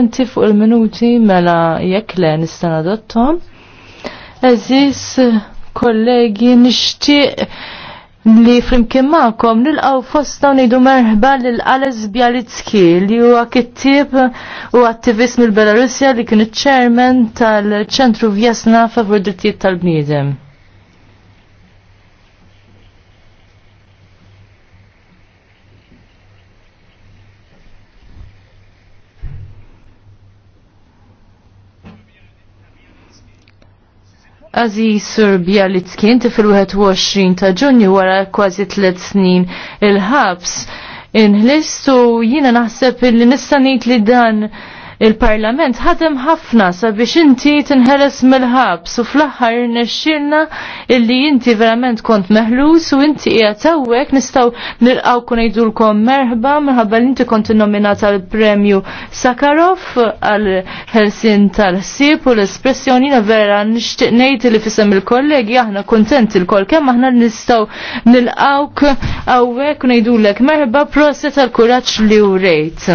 Enti fuq il-minuti mela jekk le nistan adottom. Eżis kollegi nixtieq li flimkien ma'kom nilqaw fosta ngħidu merħba lil Alex Bialitski li huwa kittieb u attivist mill-Belarusja li kien iċ-chairman tal-Ċentru Vjasna favur drittijiet tal-bniedem. Aziz Serbia li tkien fil-21 ta' ġunju wara kważi tliet snin il-ħabs. Inħlistu jina naħseb li nistanit li dan Il-Parlament ħadem ħafna sabiex inti tinħeles mill-ħabs u fl-aħħar nexxilna illi inti verament kont meħlus u inti qiegħed tawwek nistgħu nilqgħu ngħidulkom merħba minħabba li inti kont innominata għal premju Sakarov għal ħelsin tal-ħsieb u l-espressjoni vera nixtieq ngħid li fisem il-kollegi aħna kuntenti l-kol kemm aħna nistgħu nilqgħuk hawnhekk ngħidulek merħba proset tal-kuraġġ li urejt.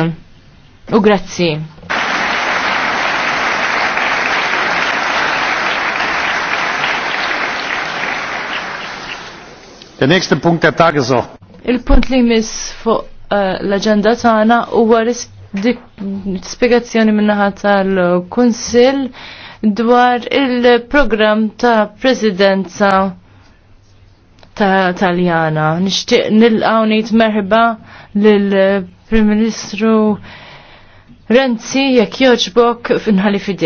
U grazzi. Der nächste Punkt der Tagesordnung. Il-punt li jmiss fuq eh, l-agenda tagħna huwa spjegazzjoni min-naħa tal-Kunsill dwar il-programm ta' Presidenza ta' Taljana. Nixtieq nilqgħu ngħid merħba lill prim Ministru Renzi jekk joġbok finħalli fidej.